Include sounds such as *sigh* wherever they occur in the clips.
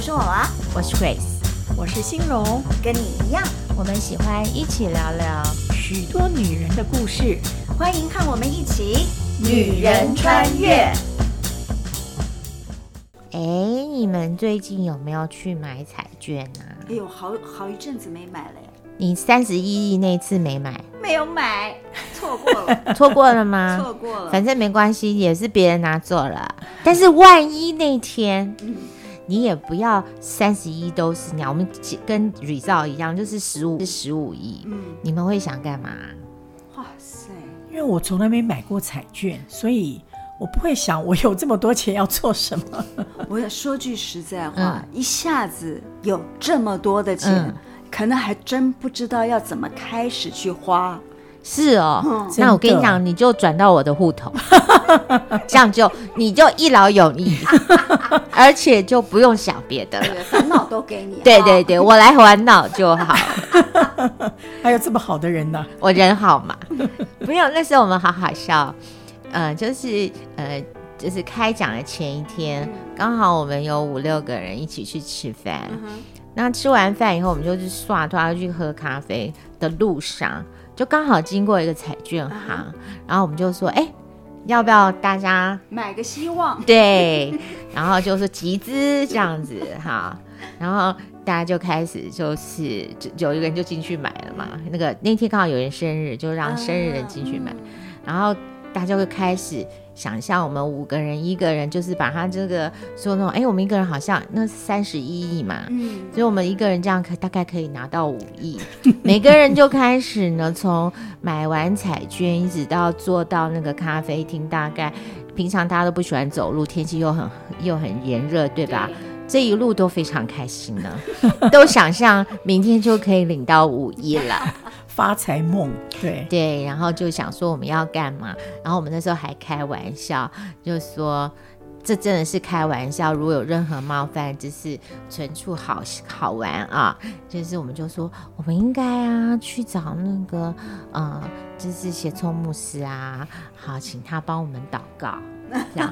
我是我啊，我是 Grace，我是欣榮，跟你一樣，我們喜歡一起聊聊許多女人的故事，歡迎看我們一起《女人穿越》欸。哎，你們最近有沒有去買彩券呢、啊？哎、欸、呦，好好一陣子沒買了。你三十一億那一次沒買？沒有買，錯過了，錯 *laughs* 過了嗎？錯過了，反正沒關係，也是別人拿走了。但是萬一那天……嗯你也不要三十一，都是那我們跟 result 一樣，就是十五是十五億。嗯，你們會想幹嘛？哇塞！因為我從來沒買過彩券，所以我不會想我有這麼多錢要做什麼。 *laughs* 我要說句實在話，嗯，一下子有這麼多的錢，嗯，可能還真不知道要怎麼開始去花。是哦、嗯，那我跟你講，你就轉到我的戶頭， *laughs* 這樣就你就一勞永逸， *laughs* 而且就不用想別的煩惱都給你。 *laughs* 對對對，我來煩惱就好。 *laughs* 還有這麼好的人呢、啊，我人好嘛？沒有，那時候我們好好笑。呃、就是呃，就是開講的前一天，剛、嗯、好我們有五六個人一起去吃飯、嗯。那吃完飯以後，我們就是刷突然去喝咖啡的路上，就剛好經過一個彩券行，uh -huh. 然後我們就說，哎，要不要大家買個希望？對，然後就是集資 *laughs* 這樣子哈，然後大家就開始就是就有一個人就進去買了嘛，那個那天剛好有人生日，就讓生日人進去買，uh -huh. 然後。大家會開始想象我們五個人一個人就是把他這個說那種，哎，我們一個人好像那三十一億嘛，嗯，所以我們一個人這樣可大概可以拿到五億， *laughs* 每個人就開始呢，從買完彩券一直到坐到那個咖啡廳，大概平常大家都不喜歡走路，天氣又很又很炎熱，對吧？這一路都非常開心呢，都想象明天就可以領到五億了。 *laughs* *laughs* 發財夢，對對，然後就想說我們要幹嘛？然後我們那時候還開玩笑，就說這真的是開玩笑，如果有任何冒犯，就是純屬好好玩啊。就是我們就說，我們應該啊去找那個，嗯、呃，就是寫錯牧師啊，好，請他幫我們禱告這樣。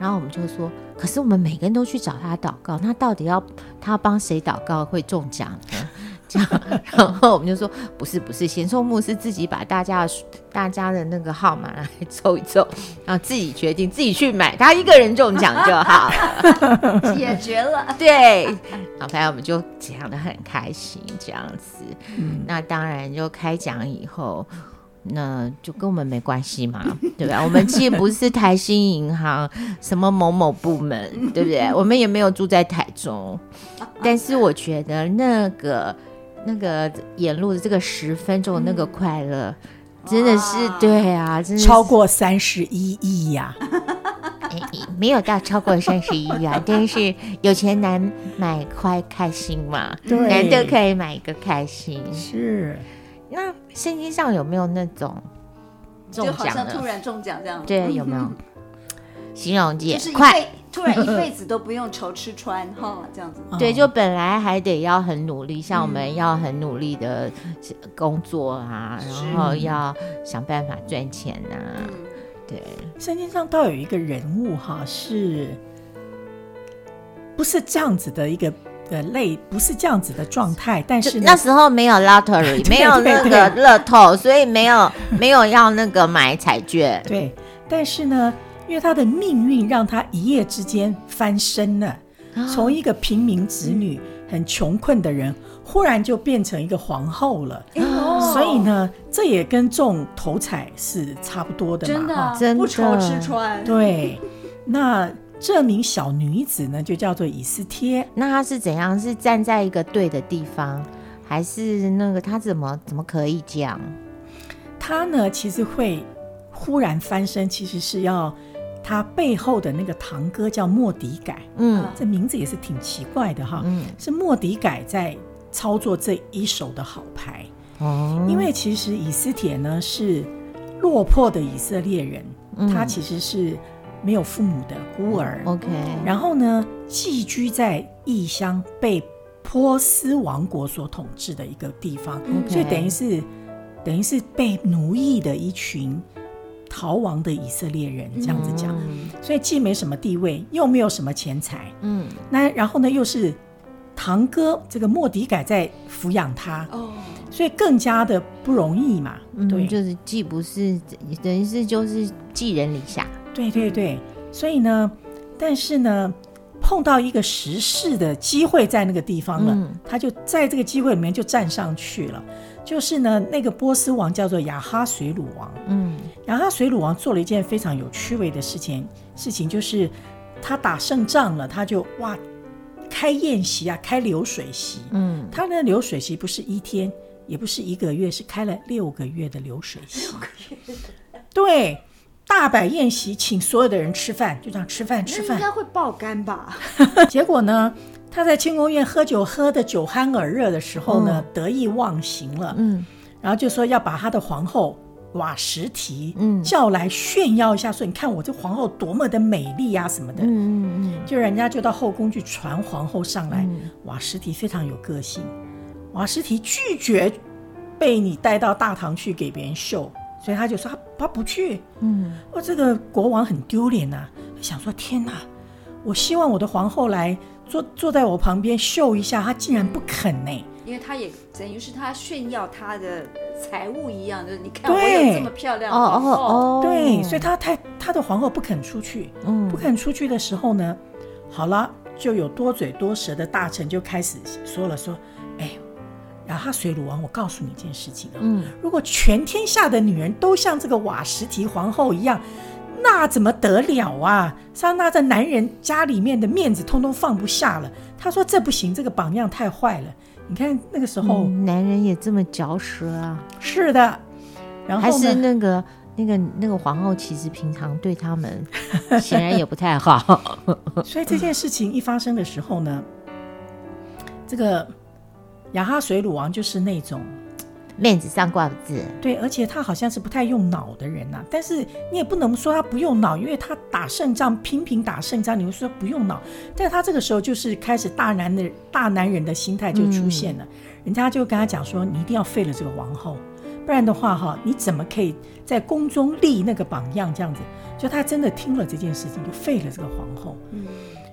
然後我們就說，可是我們每個人都去找他禱告，那到底要他幫誰禱告會中獎呢？ *laughs* 然後我們就說，不是不是，先送牧師是自己把大家的大家的那個號碼來抽一抽，然後自己決定自己去買，他一個人中獎就好， *laughs* 解決了。 *laughs* 對，然後我們就講得很開心，這樣子。嗯、那當然就開獎以後，那就跟我們沒關係嘛，對吧？ *laughs* 我們既不是台新銀行什麼某某部門，對不對？ *laughs* 我們也沒有住在台中， *laughs* 但是我覺得那個。那個演錄的這個十分鐘，那個快樂、嗯、真的是對啊，真的超過三十一億呀，啊哎！沒有到超過三十一億啊， *laughs* 但是有錢難買快開心嘛，對，難得可以買一個開心。是，那聖經上有沒有那種中獎的？就好像突然中獎這樣，對，有沒有、嗯、形容詞？就是快。突然一輩子都不用愁吃穿哈，這樣子。對，就本來還得要很努力，像我們要很努力的工作啊，嗯、然後要想辦法賺錢吶、啊嗯。對，聖經上倒有一個人物哈，是不是這樣子的一個累？類？不是這樣子的狀態，但是那時候沒有 lottery，沒有那個樂透， *laughs* 所以沒有沒有要那個買彩券。 *laughs* 對，但是呢。因為他的命運讓他一夜之間翻身了，從一個平民子女、很窮困的人，忽然就變成一個皇後了。欸哦、所以呢，這也跟中頭彩是差不多的嘛，真的，真、哦、的不愁吃穿。對，那這名小女子呢，就叫做以斯帖。那她是怎樣？是站在一個對的地方，還是那個她怎麼怎麼可以講？她呢，其實會忽然翻身，其實是要。他背後的那個堂哥叫末底改，嗯、啊，這名字也是挺奇怪的哈，嗯，是末底改在操作這一手的好牌，哦，嗯，因為其實以斯帖呢是落魄的以色列人，嗯，他其實是沒有父母的孤兒，嗯，OK，然後呢寄居在異鄉，被波斯王國所統治的一個地方，okay，所以等於是等於是被奴役的一群，逃亡的以色列人這樣子講、嗯，所以既沒什麼地位，又沒有什麼錢財。嗯，那然後呢，又是堂哥這個莫迪改在撫養他，哦，所以更加的不容易嘛。對，嗯、就是既不是等於是就是寄人籬下。對對對、嗯，所以呢，但是呢，碰到一個時勢的機會在那個地方了，嗯、他就在這個機會裡面就站上去了。就是呢，那個波斯王叫做亞哈水魯王，嗯。然後他隨魯王做了一件非常有趣味的事情，事情就是他打勝仗了，他就哇開宴席啊，開流水席。嗯，他的流水席不是一天，也不是一個月，是開了六個月的流水席。六個月。對，大擺宴席，請所有的人吃飯，就這樣吃飯吃飯。應該會爆肝吧？ *laughs* 結果呢，他在清宮院喝酒喝得酒酣耳熱的時候呢，嗯、得意忘形了，嗯，然後就說要把他的皇後。瓦實提叫來炫耀一下，說、嗯：“你看我這皇后多麼的美麗呀，什麼的。”嗯嗯,嗯就人家就到後宮去傳皇后上來。瓦、嗯、實、嗯、提非常有個性，瓦實提拒絕被你帶到大堂去給別人秀，所以他就說：“他不去。嗯”嗯，我這個國王很丟臉吶，想說：“天哪，我希望我的皇後來坐坐在我旁邊秀一下，他竟然不肯呢、欸。嗯”因為他也等於是他炫耀他的財物一樣的，你看我有這麼漂亮的。哦哦！對，哦、所以他太他，他的皇後不肯出去，嗯，不肯出去的時候呢，好了，就有多嘴多舌的大臣就開始說了，說，哎，然後他水魯王，我告訴你一件事情，啊，嗯，如果全天下的女人都像這個瓦實提皇後一樣，那怎麼得了啊？那那這男人家裡面的面子通通放不下了。他說這不行，這個榜樣太壞了。你看那個時候、嗯，男人也這麼嚼舌啊？是的，然後呢，還是那個、那個、那個皇後，其實平常對他們顯然也不太好。 *laughs* *laughs* 所以這件事情一發生的時候呢， *laughs* 這個亞哈隨魯王就是那種。面子上掛的字，對，而且他好像是不太用腦的人吶、啊。但是你也不能說他不用腦，因為他打勝仗，頻頻打勝仗，你又說不用腦。但他這個時候就是開始大男的大男人的心態就出現了、嗯。人家就跟他講說：“你一定要廢了這個王後，不然的話，哈，你怎麼可以在宮中立那個榜樣？這樣子，就他真的聽了這件事情，就廢了這個皇後。”嗯。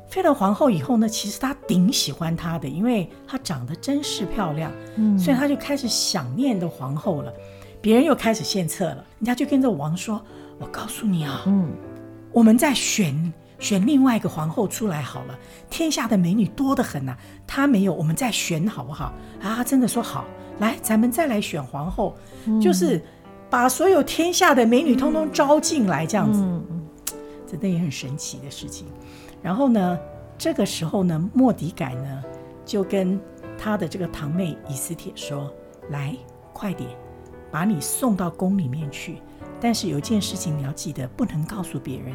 廢了皇后以後呢，其實他挺喜歡她的，因為她長得真是漂亮，嗯，所以他就開始想念的皇後了。別人又開始獻策了，人家就跟着王說：“我告訴你啊，嗯，我們再選，選另外一個皇后出來好了，天下的美女多得很吶、啊，他沒有，我們再選好不好？啊，真的說好，來，咱們再來選皇後，嗯、就是把所有天下的美女通通招進來，嗯、這樣子，真的也很神奇的事情。”然後呢，這個時候呢，末底改呢就跟他的這個堂妹以斯帖說：“來，快點，把你送到宮裡面去。但是有一件事情你要記得，不能告訴別人，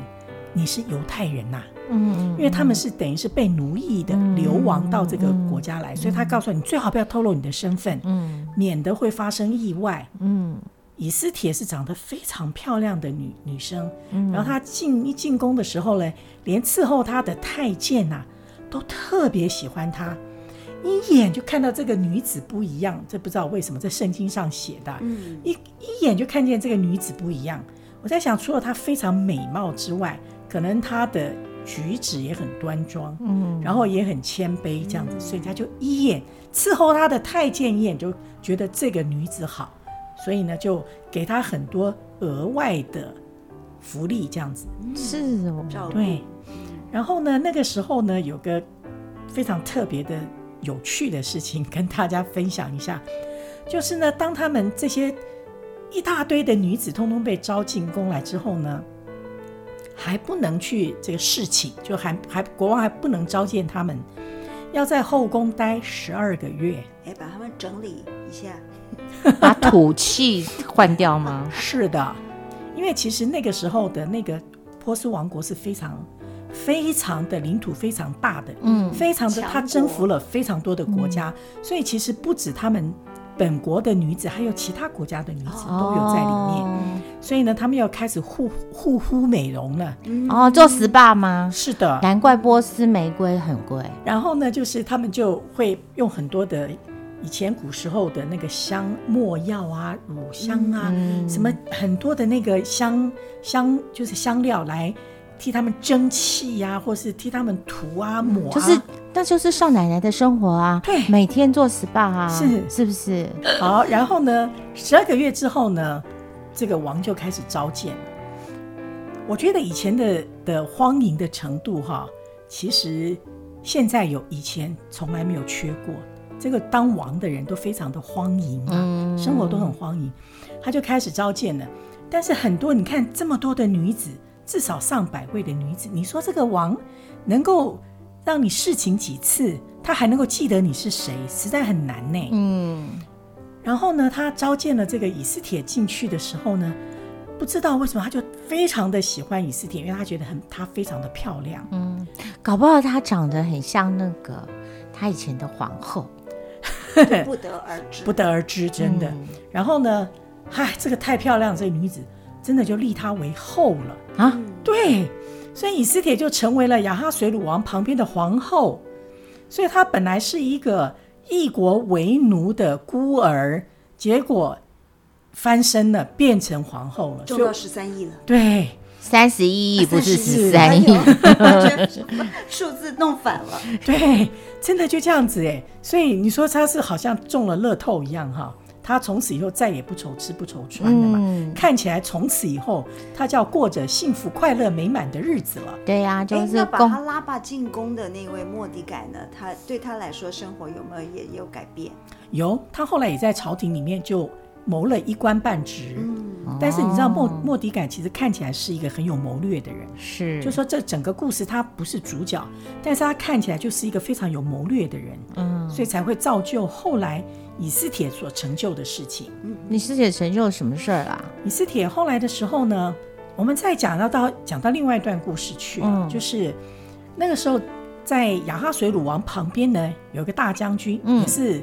你是猶太人吶、啊嗯。嗯，因為他們是等於是被奴役的，流亡到這個國家來、嗯嗯，所以他告訴你，最好不要透露你的身份，嗯、免得會發生意外。嗯。”以斯帖是長得非常漂亮的女女生，然後她進一進宮的時候呢，連伺候她的太監吶、啊，都特別喜歡她，一眼就看到這個女子不一樣。這不知道為什麼，在聖經上寫的，嗯、一一眼就看見這個女子不一樣。我在想，除了她非常美貌之外，可能她的舉止也很端莊，嗯，然後也很謙卑，這樣子，所以她就一眼伺候她的太監一眼就覺得這個女子好。所以呢，就給他很多額外的福利，這樣子。是我哦，對。然後呢，那個時候呢，有個非常特別的有趣的事情跟大家分享一下，就是呢，當他們這些一大堆的女子通通被招進宮來之後呢，還不能去這個侍寢，就還還國王還不能召見他們，要在後宮待十二個月。哎、欸，把他們整理一下。 *laughs* 把土氣換掉嗎？ *laughs* 是的，因為其實那個時候的那個波斯王國是非常、非常的領土非常大的，嗯，非常的，他征服了非常多的國家、嗯，所以其實不止他們本國的女子，還有其他國家的女子都有在裡面。哦、所以呢，他們要開始護護膚美容了。嗯、哦，做 SPA 嗎？是的，難怪波斯玫瑰很貴。然後呢，就是他們就會用很多的。以前古時候的那個香沒藥啊、乳香啊、嗯，什麼很多的那個香香，就是香料來替他們蒸汽呀、啊，或是替他們塗啊、嗯就是、抹啊，就是那就是少奶奶的生活啊。對，每天做 SPA 啊，是是不是？好，然後呢，十二個月之後呢，這個王就開始召見。我覺得以前的的荒淫的程度哈、啊，其實現在有以前從來沒有缺過。這個當王的人都非常的荒淫啊、嗯，生活都很荒淫，他就開始召見了。但是很多，你看這麼多的女子，至少上百位的女子，你說這個王能夠讓你侍寢幾次，他還能夠記得你是誰，實在很難呢。嗯。然後呢，他召見了這個以斯帖進去的時候呢，不知道為什麼他就非常的喜歡以斯帖，因為他覺得很她非常的漂亮。嗯、搞不好她長得很像那個他以前的皇後。不得而知， *laughs* 不得而知，真的。嗯、然後呢，嗨，這個太漂亮，這女子真的就立她為後了啊、嗯！對，所以以斯帖就成為了亞哈隨魯王旁邊的皇後。所以她本來是一個異國為奴的孤兒，結果翻身了，變成皇後了，中到十三億了。對。三十一億不是十三億，數 *laughs* *laughs* *laughs* 字弄反了。對，真的就這樣子哎，所以你說他是好像中了樂透一樣哈，他從此以後再也不愁吃不愁穿的嘛、嗯，看起來從此以後他就要過着幸福快樂美滿的日子了。對呀、啊，就是、哎、把他拉拔進宮的那位末底改呢，他對他來說生活有沒有也有改變？ *laughs* 有，他後來也在朝廷裡面就。謀了一官半職、嗯，但是你知道莫、哦、末底改其實看起來是一個很有謀略的人，是，就說這整個故事他不是主角，但是他看起來就是一個非常有謀略的人，嗯，所以才會造就後來以斯帖所成就的事情。嗯，以斯帖成就了什麼事兒啊？以斯帖後來的時候呢，我們再講到到講到另外一段故事去、嗯，就是那個時候在亞哈隨魯王旁邊呢，有一個大將軍，嗯，是。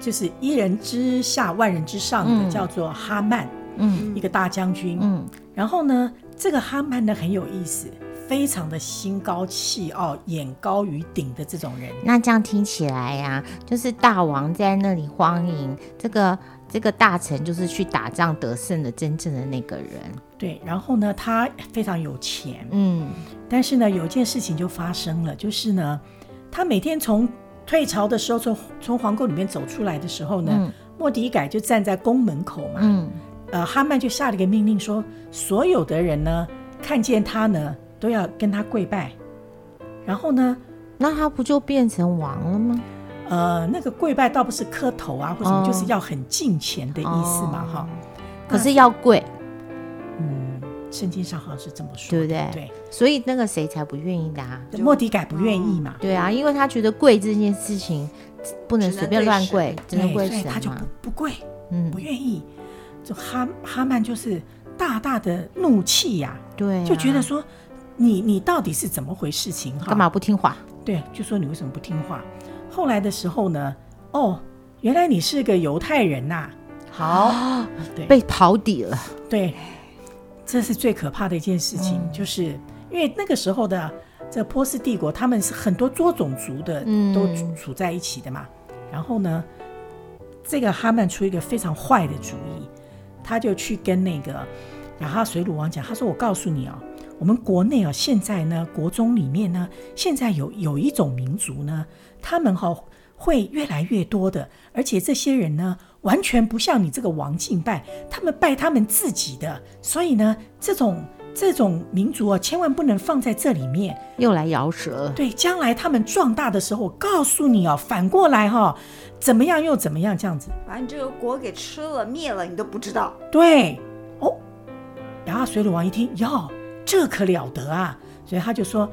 就是一人之下，萬人之上的，嗯、叫做哈曼，嗯，一個大將軍，嗯，然後呢，這個哈曼呢，很有意思，非常的心高氣傲，眼高於頂的這種人。那這樣聽起來呀，啊，就是大王在那裡歡迎這個這個大臣，就是去打仗得勝的真正的那個人。對，然後呢，他非常有錢，嗯，但是呢，有一件事情就發生了，就是呢，他每天從退朝的時候，從從皇宮裡面走出來的時候呢，嗯、莫迪改就站在宮門口嘛。嗯，呃，哈曼就下了一個命令說，所有的人呢，看見他呢，都要跟他跪拜。然後呢，那他不就變成王了嗎？呃，那個跪拜倒不是磕頭啊，或者什麼，就是要很敬虔的意思嘛，哈、哦。可是要跪。聖經上好像是這麼說，對不對？對，所以那個誰才不願意的啊？莫迪改不願意嘛、哦？對啊，因為他覺得跪這件事情不能隨便亂跪，只能，只能跪神，所以他就不不跪，嗯，不願意。就哈哈曼就是大大的怒氣呀、啊，對、啊，就覺得說你你到底是怎麼回事情、啊？幹嘛不聽話？對，就說你為什麼不聽話？後來的時候呢？哦，原來你是個猶太人吶、啊！好、哦，被刨底了，對。這是最可怕的一件事情、嗯，就是因為那個時候的這波斯帝國，他們是很多多種族的都處在一起的嘛、嗯。然後呢，這個哈曼出一個非常壞的主意，他就去跟那個亞哈隨魯王講，他說：“我告訴你哦、喔，我們國內啊、喔，現在呢國中裡面呢，現在有有一種民族呢，他們哈、喔、會越來越多的，而且這些人呢。”完全不像你這個王敬拜，他們拜他們自己的，所以呢，這種這種民族啊，千萬不能放在這裡面。又來搖舌，對，將來他們壯大的時候，我告訴你哦，反過來哈、哦，怎麼樣又怎麼樣，這樣子把你這個國給吃了滅了，你都不知道。對，哦，然後隨魯王一聽喲，這可了得啊，所以他就說，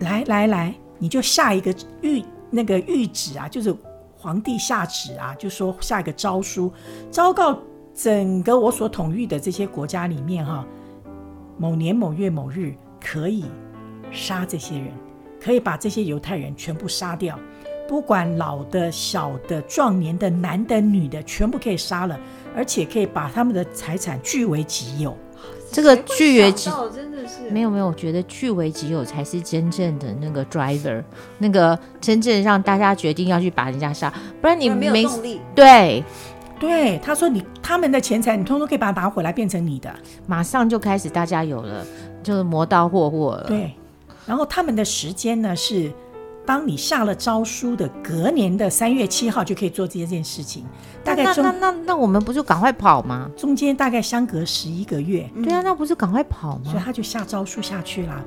來來來，你就下一個諭，那個諭旨啊，就是。皇帝下旨啊，就說下一個詔書，昭告整個我所統御的這些國家裡面哈、啊，某年某月某日可以殺這些人，可以把這些猶太人全部殺掉，不管老的、小的、壯年的、男的、女的，全部可以殺了，而且可以把他們的財產據為己有。這個據為己有，真的是沒有沒有。我覺得據為己有才是真正的那個 driver， *laughs* 那個真正讓大家決定要去把人家殺，不然你沒，沒有動力。對，對，他說你他們的錢財，你通通可以把它拿回來變成你的，馬上就開始大家有了，就是磨刀霍霍了。對，然後他們的時間呢是。當你下了詔書的隔年的三月七號就可以做這件事情，但大概那那那那我們不就趕快跑嗎？中間大概相隔十一個月，對啊，那不是趕快跑嗎、嗯？所以他就下詔書下去啦。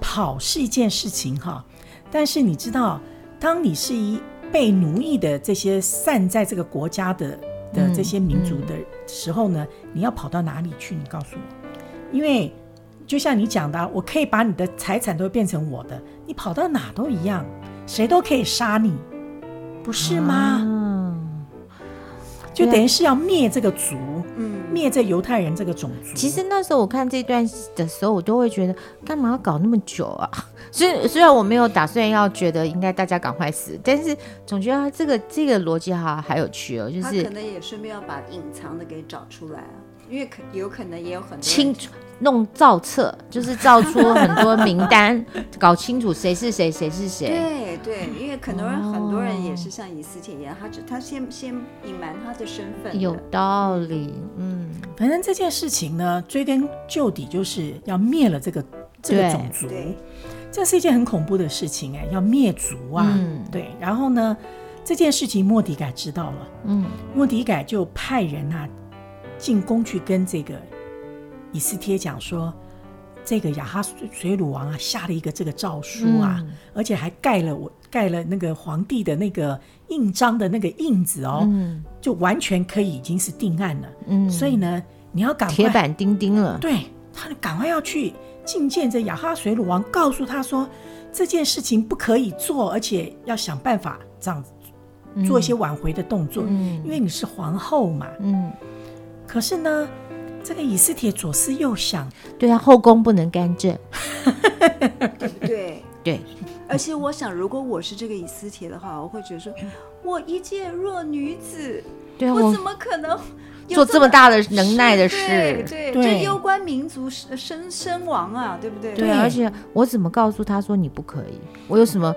跑是一件事情哈，但是你知道，當你是一被奴役的這些散在這個國家的的這些民族的時候呢、嗯嗯，你要跑到哪裡去？你告訴我，因為就像你講的、啊，我可以把你的財產都變成我的。你跑到哪都一樣，誰都可以殺你，不是嗎？嗯，就等於是要滅這個族，嗯，滅這猶太人這個種族。其實那時候我看這段的時候，我都會覺得，幹嘛要搞那麼久啊？雖雖然我沒有打算要覺得應該大家趕快死，但是總覺得這個這個邏輯哈還有趣哦、喔，就是他可能也順便要把隱藏的給找出來啊，因為可有可能也有很多清楚。弄造冊就是造出很多名單， *laughs* 搞清楚誰是誰，誰是誰。對對，因為很多人，很多人也是像以斯帖一樣，哦、他就他先先隱瞞他的身份的。有道理，嗯，反正這件事情呢，追根究底就是要滅了這個這個種族。對，這是一件很恐怖的事情哎，要滅族啊、嗯，對。然後呢，這件事情末底改知道了，嗯，末底改就派人吶、啊、進宮去跟這個。以斯帖講說，這個亞哈水魯王啊，下了一個這個詔書啊，嗯、而且還蓋了我蓋了那個皇帝的那個印章的那個印子哦、嗯，就完全可以已經是定案了。嗯，所以呢，你要趕快鐵板釘釘了。對，他趕快要去覲見這亞哈水魯王，告訴他說這件事情不可以做，而且要想辦法這樣子、嗯、做一些挽回的動作、嗯。因為你是皇後嘛。嗯，可是呢。這個以斯帖左思右想，對啊，後宮不能干政， *laughs* 對不對？對。而且我想，如果我是這個以斯帖的話，我會覺得說， *laughs* 我一介弱女子，啊，我怎麼可能這麼做這麼大的能耐的事？對，這攸關民族生生亡啊，對不對？對，對？對。而且我怎麼告訴他說你不可以？我有什麼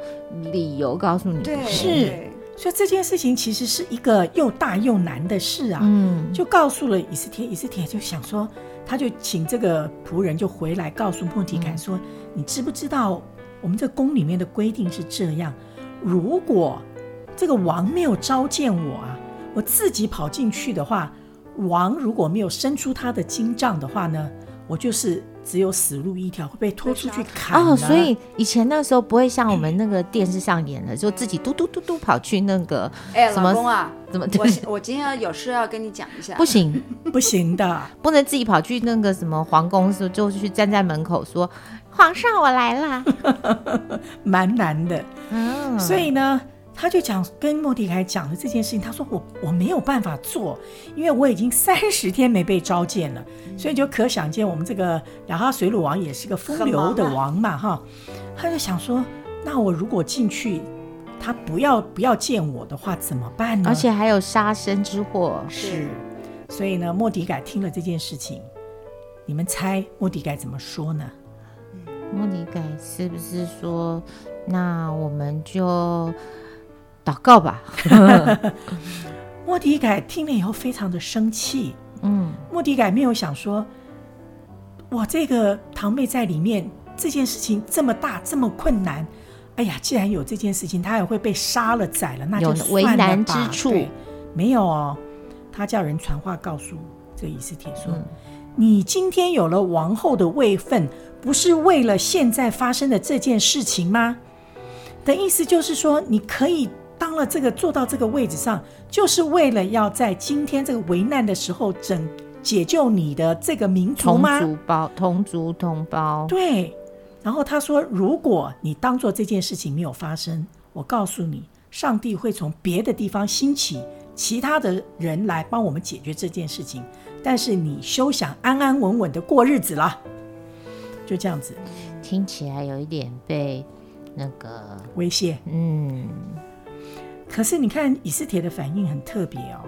理由告訴你不可以？對。是。所以這件事情其實是一個又大又難的事啊，嗯，就告訴了以斯帖，以斯帖就想說，他就請這個僕人就回來告訴末底改說，嗯，你知不知道我們這宮裡面的規定是這樣，如果這個王沒有召見我啊，我自己跑進去的話，王如果沒有伸出他的金杖的話呢，我就是。只有死路一條，會被拖出去砍啊，啊、哦！所以以前那時候不會像我們那個電視上演的，嗯、就自己嘟嘟嘟嘟跑去那個什麼宮、欸、啊，怎麼？我 *laughs* 我今天有事要跟你講一下，不行 *laughs* 不行的，不能自己跑去那個什麼皇宮，是就去站在門口說，皇上我來了， *laughs* 蠻難的。嗯、哦，所以呢。他就講跟莫迪凱講了這件事情，他說我我沒有辦法做，因為我已經三十天沒被召見了，嗯，所以就可想見我們這個亞哈隨魯王也是個風流的王嘛，哈，啊，他就想說，那我如果進去，他不要不要見我的話怎麼辦呢？而且還有殺身之禍，是，所以呢，莫迪凱聽了這件事情，你們猜莫迪凱怎麼說呢？嗯、莫迪凱是不是說，那我們就。禱告吧， *laughs* *laughs* 末底改聽了以後非常的生氣。嗯，末底改沒有想說，我這個堂妹在裡面這件事情這麼大這麼困難，哎呀，既然有這件事情，她也會被殺了宰了，那就有為難之處沒有哦。他叫人傳話告訴這個以斯帖說、嗯：“你今天有了王後的位分，不是為了現在發生的這件事情嗎？”的意思就是說，你可以。當了這個坐到這個位置上，就是為了要在今天這個危難的時候，整解救你的這個民族嗎？同胞，同族同胞。對。然後他說：“如果你當做這件事情沒有發生，我告訴你，上帝會從別的地方興起其他的人來幫我們解決這件事情。但是你休想安安穩穩的過日子了。”就這樣子，聽起來有一點被那個威脅。嗯。可是你看，以斯帖的反應很特別哦。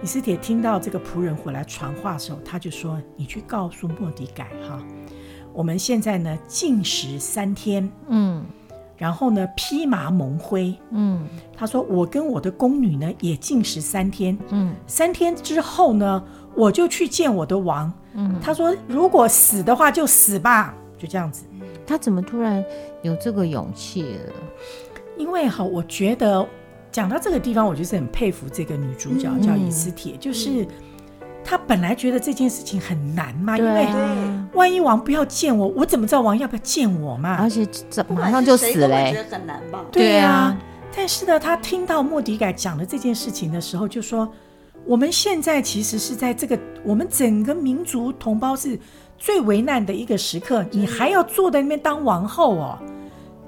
以斯帖聽到這個僕人回來傳話的時候，他就說：“你去告訴末底改哈，我們現在呢禁食三天，嗯，然後呢披麻蒙灰，嗯，他說我跟我的宮女呢也禁食三天，嗯，三天之後呢我就去見我的王，嗯，他說如果死的話就死吧，就這樣子。他怎麼突然有這個勇氣了？因為哈，我覺得。講到這個地方，我就是很佩服這個女主角叫以斯帖，嗯，就是，嗯、她本來覺得這件事情很難嘛，啊，因為萬一王不要見我，我怎麼知道王要不要見我嘛？而且這馬上就死了。覺得很難吧？對呀，啊。但是呢，她聽到末底改講的這件事情的時候，就說我們現在其實是在這個我們整個民族同胞是最危難的一個時刻，的你還要坐在那邊當王后哦。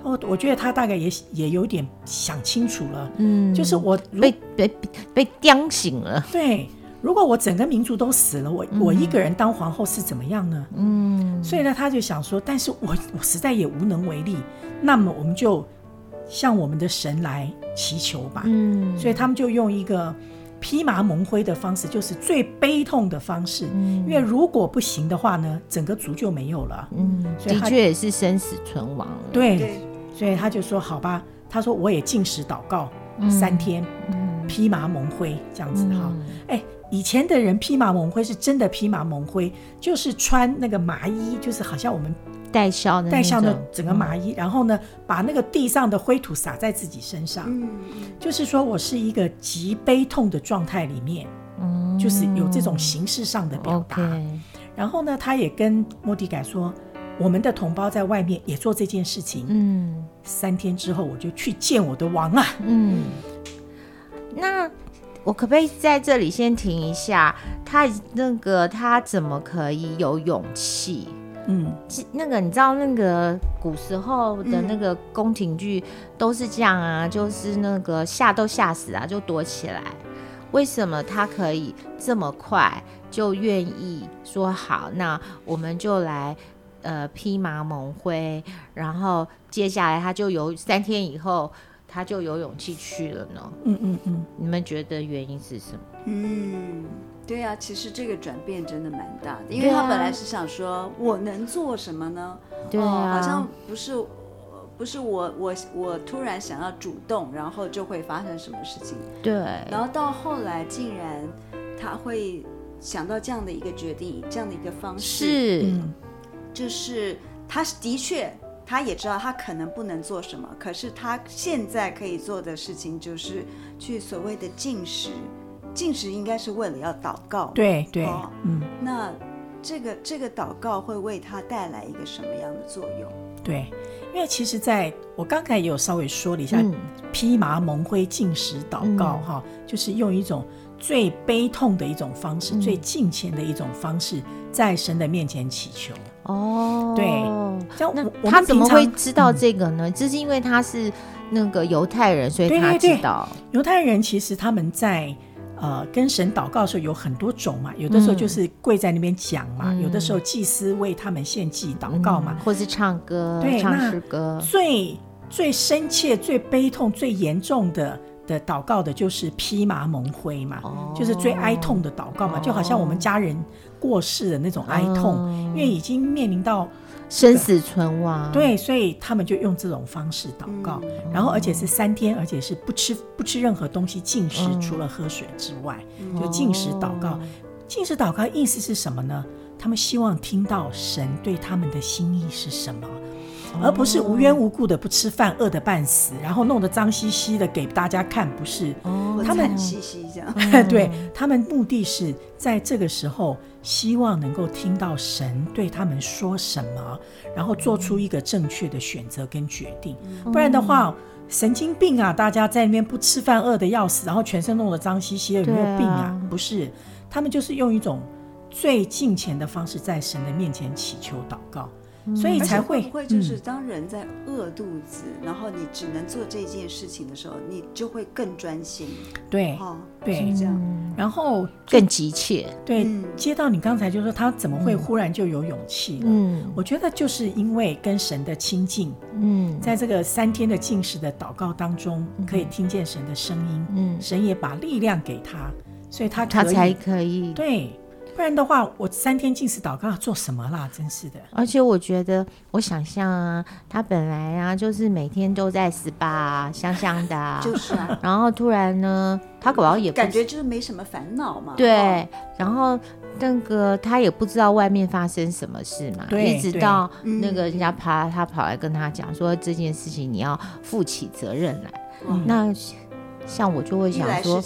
哦，我覺得他大概也也有點想清楚了，嗯，就是我被被被驚醒了。對，如果我整個民族都死了，我、嗯、我一個人當皇後是怎麼樣呢？嗯，所以呢，他就想說，但是我我實在也無能為力，那麼我們就向我們的神來祈求吧。嗯，所以他們就用一個披麻蒙灰的方式，就是最悲痛的方式、嗯，因為如果不行的話呢，整個族就沒有了。嗯，所以他的確也是生死存亡。對。所以他就說：“好吧。”他說：“我也禁食禱告三天，嗯嗯，披麻蒙灰這樣子哈。嗯”哎，欸，以前的人披麻蒙灰是真的披麻蒙灰，就是穿那個麻衣，就是好像我們戴孝、的戴孝的整個麻衣，嗯，然後呢，把那個地上的灰土撒在自己身上，嗯，就是說我是一個極悲痛的狀態裡面，嗯，就是有這種形式上的表達，嗯 okay。然後呢，他也跟末底改說。我們的同胞在外面也做這件事情。嗯，三天之後我就去見我的王啊。嗯，那我可不可以在這裡先停一下？他那個他怎麼可以有勇氣？嗯，那個你知道那個古時候的那個宮廷劇都是這樣啊，嗯，就是那個嚇都嚇死啊，就躲起來。為什麼他可以這麼快就願意說好？那我們就來。呃，披麻蒙灰，然後接下來他就有三天以後，他就有勇氣去了呢。嗯嗯嗯，你們覺得原因是什麼？嗯，對呀、啊，其實這個轉變真的蠻大的，因為他本來是想說，啊、我能做什麼呢？啊、哦，好像不是不是我我我突然想要主動，然後就會發生什麼事情？對，然後到後來竟然他會想到這樣的一個決定，這樣的一個方式是。嗯就是他，的確，他也知道他可能不能做什麼，可是他現在可以做的事情就是去所謂的禁食。禁食應該是為了要禱告，對對、哦。嗯，那這個這個禱告會為他帶來一個什麼樣的作用？對，因為其實在我剛才也有稍微說了一下，嗯、披麻蒙灰禁食禱告哈、嗯哦，就是用一種最悲痛的一種方式，嗯、最敬虔的一種方式，在神的面前祈求。哦，對，像我，他怎麼會知道這個呢？就、嗯、是因為他是那個猶太人，嗯、所以他知道對對對。猶太人其實他們在呃跟神禱告的時候有很多種嘛，有的時候就是跪在那邊講嘛，嗯、有的時候祭司為他們獻祭禱、禱、嗯、禱告嘛，或是唱歌對、唱詩歌。那最最深切、最悲痛、最嚴重的的禱告的就是披麻蒙灰嘛、哦，就是最哀痛的禱告嘛，哦、就好像我們家人。哦過世的那種哀痛，哦、因為已經面臨到、這個、生死存亡，對，所以他們就用這種方式禱告、嗯，然後而且是三天，嗯、而且是不吃不吃任何東西，禁食、哦、除了喝水之外，就禁食禱告、哦。禁食禱告意思是什麼呢？他們希望聽到神對他們的心意是什麼，哦、而不是無緣無故的不吃飯，餓、哦、得半死，然後弄得髒兮兮的給大家看，不是？哦，髒兮兮這樣。哦、 *laughs* 對，他們目的是在這個時候。希望能夠聽到神對他們說什麼，然後做出一個正確的選擇跟決定。嗯、不然的話，神經病啊！大家在那邊不吃飯，餓得要死，然後全身弄得髒兮兮，有沒有病啊？啊不是，他們就是用一種最敬虔的方式，在神的面前祈求禱告。所以才會、嗯、會不會就是當人在餓肚子、嗯，然後你只能做這件事情的時候，你就會更專心，對，哦、oh，對，是是這樣，嗯、然後更急切，對。嗯、接到你剛才就說他怎麼會忽然就有勇氣了？嗯，我覺得就是因為跟神的親近，嗯，在這個三天的禁食的禱告當中、嗯，可以聽見神的聲音，嗯，神也把力量給他，所以他他他才可以，對。不然的話，我三天禁食禱告，做什麼啦？真是的。而且我覺得，我想象啊，他本來啊，就是每天都在 spa，香香的、啊， *laughs* 就是啊。然後突然呢，他寶寶也感覺就是沒什麼煩惱嘛。對。哦、然後那個他也不知道外面發生什麼事嘛。對。一直到那個人家爬，他跑來跟他講說、嗯、這件事情，你要負起責任來。嗯、那。像我就會想說，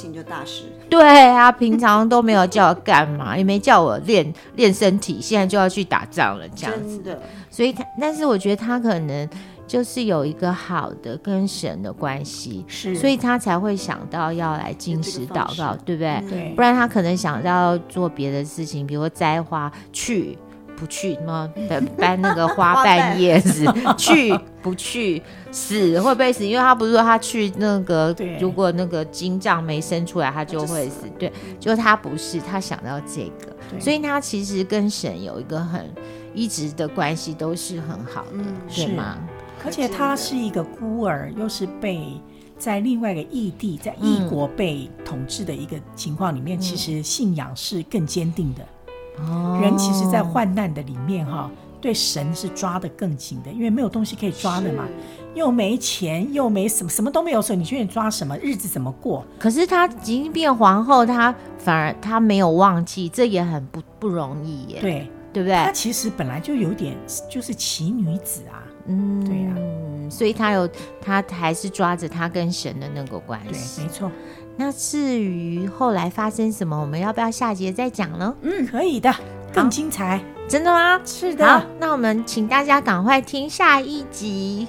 對啊，平常都沒有叫我幹嘛， *laughs* 也沒叫我練練身體，現在就要去打仗了這樣子。對，所以他，但是我覺得他可能就是有一個好的跟神的關係，是，所以他才會想到要來禁食禱告，對不對，對？不然他可能想到做別的事情，比如說栽花去。不去麼搬，搬那個花瓣葉子， *laughs* 去不去？死會不會死？因為他不是說他去那個，如果那個金杖沒生出來，他就會死。對，就他不是，他想到這個，所以他其實跟神有一個很一直的關係，都是很好的，是嗎？而且他是一個孤兒，又是被在另外一個異地，在異國被統治的一個情況裡面，嗯、其實信仰是更堅定的。人其實，在患難的裡面哈、哦，對神是抓得更緊的，因為沒有東西可以抓的嘛，又沒錢，又沒什麼，什麼都沒有時候，所以你去抓什麼？日子怎麼過？可是他已經變皇後，她反而她沒有忘記，這也很不不容易耶。對，對不對？她其實本來就有點就是奇女子啊，嗯，對呀，嗯，所以她有她還是抓着她跟神的那個關係，對，沒錯。那至於後來發生什麼，我們要不要下節再講呢？嗯，可以的，更精彩，真的嗎？是的，好，那我們請大家趕快聽下一集。